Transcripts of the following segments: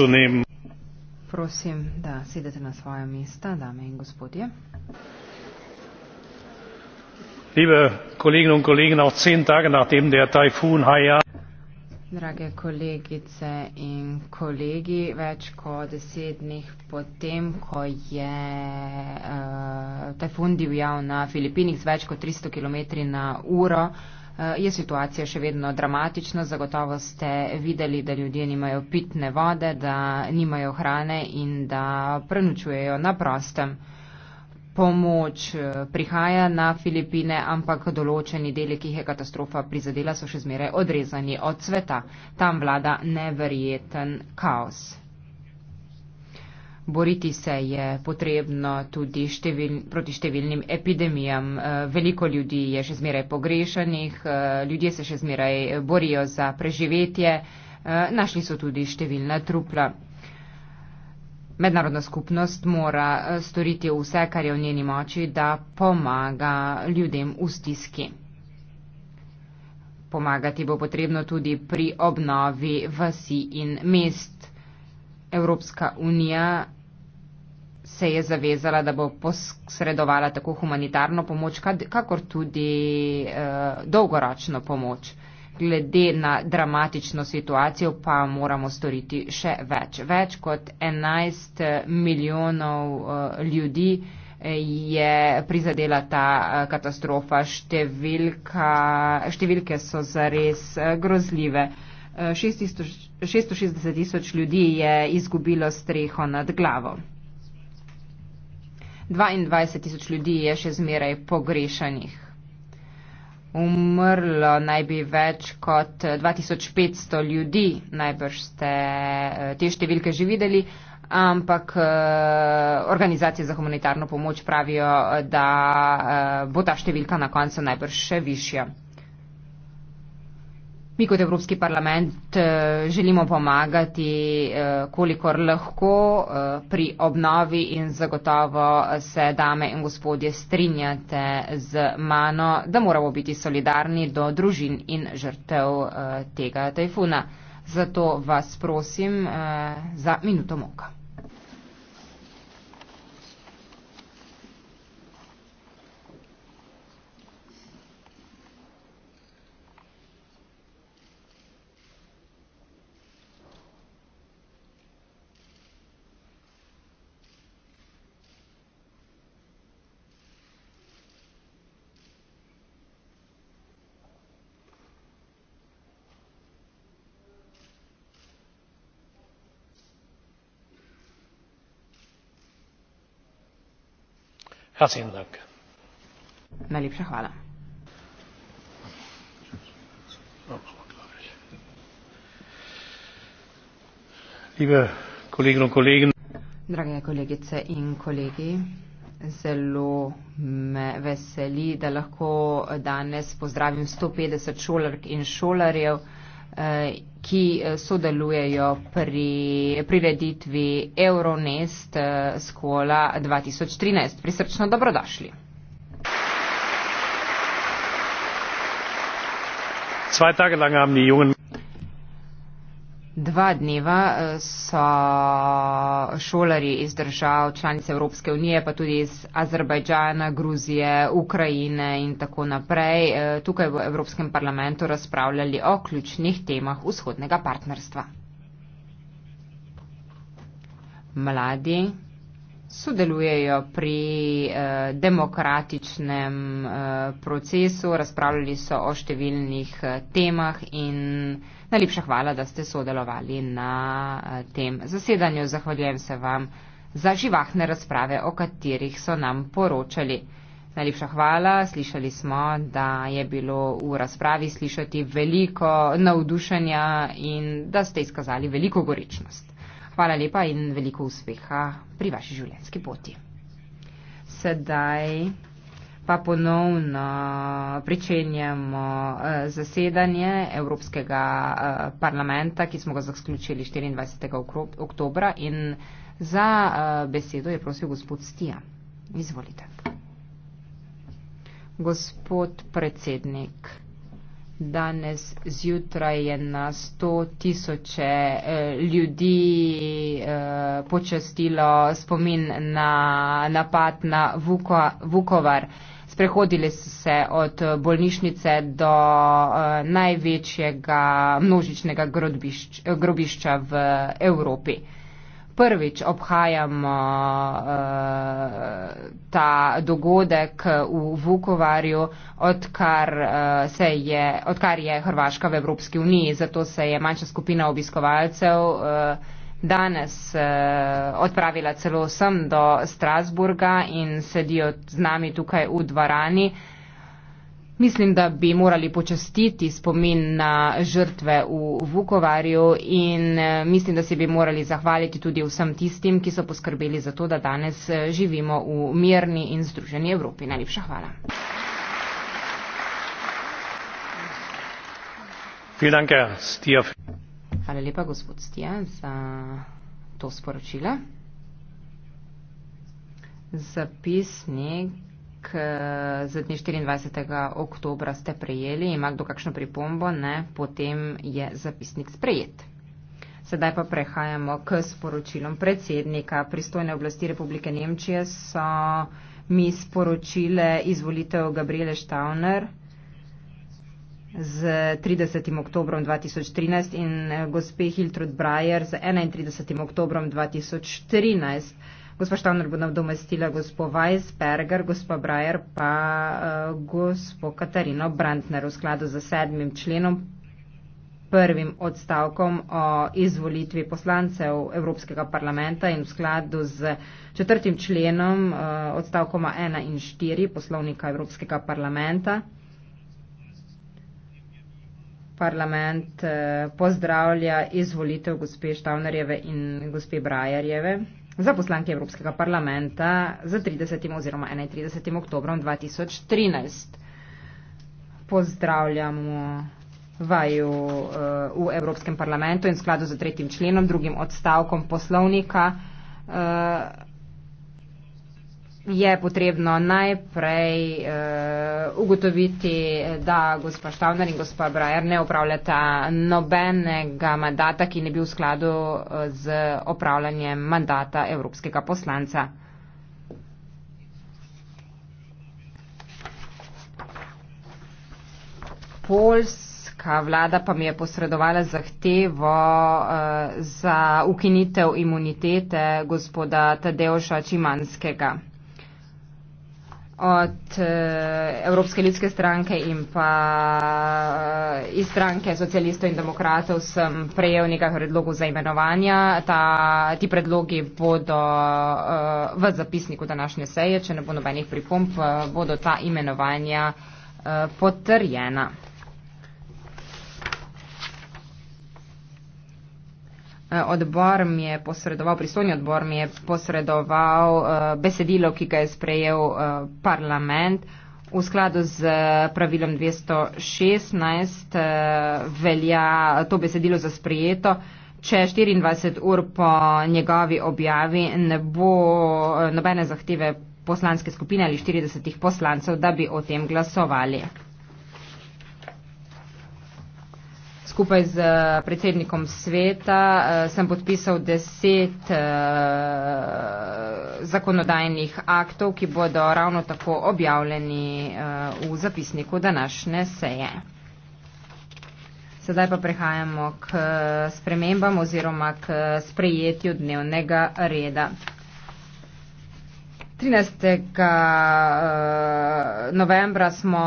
sunim. Prosim, da sedete na svoje mesta, dame in gospodje. Liebe Kolleginnen und Kollegen, auch zehn Tage nachdem der Taifun Haiyan Drage kolegice in kolegi, več kot deset dni potem, ko je uh, eh, tajfun divjal na Filipinih z več kot 300 km na uro, uh, Eh, je situacija še vedno dramatična. Zagotovo ste videli, da ljudje nimajo pitne vode, da nimajo hrane in da prenučujejo na prostem. Pomoč eh, prihaja na Filipine, ampak določeni deli, ki jih je katastrofa prizadela, so še zmeraj odrezani od sveta. Tam vlada neverjeten kaos. Boriti se je potrebno tudi števil, proti številnim epidemijam. Eh, veliko ljudi je še zmeraj pogrešanih, eh, ljudje se še zmeraj borijo za preživetje, eh, našli so tudi številna trupla. Mednarodna skupnost mora storiti vse, kar je v njeni moči, da pomaga ljudem v stiski. Pomagati bo potrebno tudi pri obnovi vasi in mest. Evropska unija se je zavezala, da bo posredovala tako humanitarno pomoč, kakor tudi uh, dolgoročno pomoč. Glede na dramatično situacijo pa moramo storiti še več. Več kot 11 eh, milijonov uh, ljudi je prizadela ta katastrofa. Številka, številke so zares grozljive. Uh, 6000 660 tisoč ljudi je izgubilo streho nad glavo. 22 tisoč ljudi je še zmeraj pogrešanih. Umrlo naj bi več kot 2500 ljudi, najbrž ste eh, te številke že videli, ampak eh, organizacije za humanitarno pomoč pravijo, da eh, bo ta številka na koncu najbrž še višja. Mi kot Evropski parlament eh, želimo pomagati, eh, kolikor lahko, eh, pri obnovi in zagotovo se dame in gospodje strinjate z mano, da moramo biti solidarni do družin in žrtev tega tajfuna. Zato vas prosim za minuto moka. herzlichen Dank. Najlepša hvala. Liebe Kolleginnen und Kollegen, Drage kolegice in kolegi, zelo me veseli, da lahko danes pozdravim 150 šolark in šolarjev. Eh, ki eh, sodelujejo pri prireditvi Euronest eh, Skola 2013. Prisrčno dobrodošli. Zwei Tage lang haben die Jungen dva dneva eh, so šolari iz držav članice Evropske unije, pa tudi iz Azerbajdžana, Gruzije, Ukrajine in tako naprej eh, tukaj v Evropskem parlamentu razpravljali o ključnih temah vzhodnega partnerstva. Mladi sodelujejo pri eh, demokratičnem eh, procesu, razpravljali so o številnih eh, temah in najlepša hvala, da ste sodelovali na eh, tem zasedanju. Zahvaljujem se vam za živahne razprave, o katerih so nam poročali. Najlepša hvala, slišali smo, da je bilo v razpravi slišati veliko navdušenja in da ste izkazali veliko goričnost. Hvala lepa in veliko uspeha pri vaši življenjski poti. Sedaj pa ponovno pričenjamo eh, zasedanje Evropskega eh, parlamenta, ki smo ga zaključili 24. oktobra in za eh, besedo je prosil gospod Stija. Izvolite. Gospod predsednik, Danes zjutraj je na sto tisoče eh, ljudi eh, počastilo spomin na napad na Vukovar. Sprehodili so se od bolnišnice do eh, največjega množičnega grobišča v Evropi prvič obhajamo uh, ta dogodek v Vukovarju, odkar, uh, se je, odkar je Hrvaška v Evropski uniji. Zato se je manjša skupina obiskovalcev uh, danes uh, odpravila celo sem do Strasburga in sedijo z nami tukaj v dvorani. Uh, Mislim, da bi morali počastiti spomin na žrtve v Vukovarju in eh, mislim, da se bi morali zahvaliti tudi vsem tistim, ki so poskrbeli za to, da danes eh, živimo v mirni in združeni Evropi. Najlepša hvala. Hvala lepa, gospod Stija, za to sporočilo. Zapisnik k, eh, z dni 24. oktobra ste prejeli, ima kdo kakšno pripombo, ne, potem je zapisnik sprejet. Sedaj pa prehajamo k sporočilom predsednika. Pristojne oblasti Republike Nemčije so mi sporočile izvolitev Gabriele Štauner z 30. oktobrom 2013 in eh, gospe Hiltrud Breyer z 31. oktobrom 2013. Gospa Štaner bo nam domestila gospo Weisberger, gospa Brajer pa uh, gospo Katarino Brandner v skladu z sedmim členom prvim odstavkom o izvolitvi poslancev Evropskega parlamenta in v skladu z četrtim členom eh, odstavkoma 1 in 4 poslovnika Evropskega parlamenta. Parlament eh, pozdravlja izvolitev gospe Štavnerjeve in gospe Brajerjeve za poslanke Evropskega parlamenta za 30. oziroma 31. oktobrom 2013. Pozdravljamo eh, vaju eh, v Evropskem parlamentu in skladu z tretjim členom, drugim odstavkom poslovnika. Eh, je potrebno najprej uh, ugotoviti, da gospa Štavner in gospa Brajer ne upravljata nobenega mandata, ki ne bi v skladu eh, z opravljanjem mandata evropskega poslanca. Polska vlada pa mi je posredovala zahtevo uh, za ukinitev imunitete gospoda Tadeoša Čimanskega od e, Evropske ljudske stranke in pa e, iz stranke socialistov in demokratov sem prejel nekaj predlogov za imenovanja. Ta, ti predlogi bodo e, v zapisniku današnje seje, če ne bo nobenih pripomp, e, bodo ta imenovanja e, potrjena. Odbor mi je posredoval, pristojni odbor mi je posredoval eh, besedilo, ki ga je sprejel eh, parlament. V skladu z pravilom 216 eh, velja to besedilo za sprijeto, če 24 ur po njegovi objavi ne bo nobene zahteve poslanske skupine ali 40 poslancev, da bi o tem glasovali. skupaj z eh, predsednikom sveta uh, sem podpisal deset uh, zakonodajnih aktov, ki bodo ravno tako objavljeni uh, v zapisniku današnje seje. Sedaj pa prehajamo k spremembam oziroma k sprejetju dnevnega reda. 13. Eh, novembra smo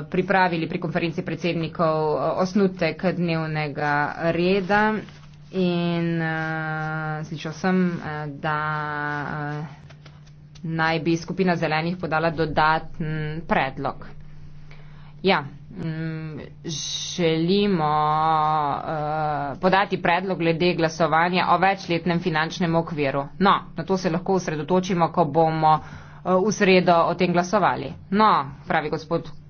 eh, pripravili pri konferenci predsednikov eh, osnutek dnevnega reda in slišal sem, da naj bi skupina zelenih podala dodatn predlog. Ja, mm, želimo eh, podati predlog glede glasovanja o večletnem finančnem okviru. No, na to se lahko usredotočimo, ko bomo eh, v sredo o tem glasovali. No, pravi gospod.